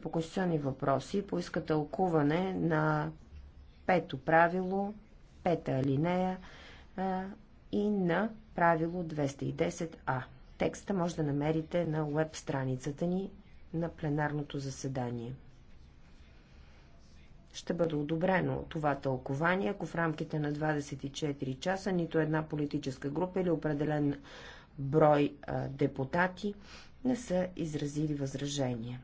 по конституционни въпроси поиска тълкуване на пето правило, пета алинея и на правило 210а. Текста може да намерите на веб страницата ни на пленарното заседание. Ще бъде одобрено това тълкование, ако в рамките на 24 часа нито една политическа група или определен брой а, депутати не са изразили възражения.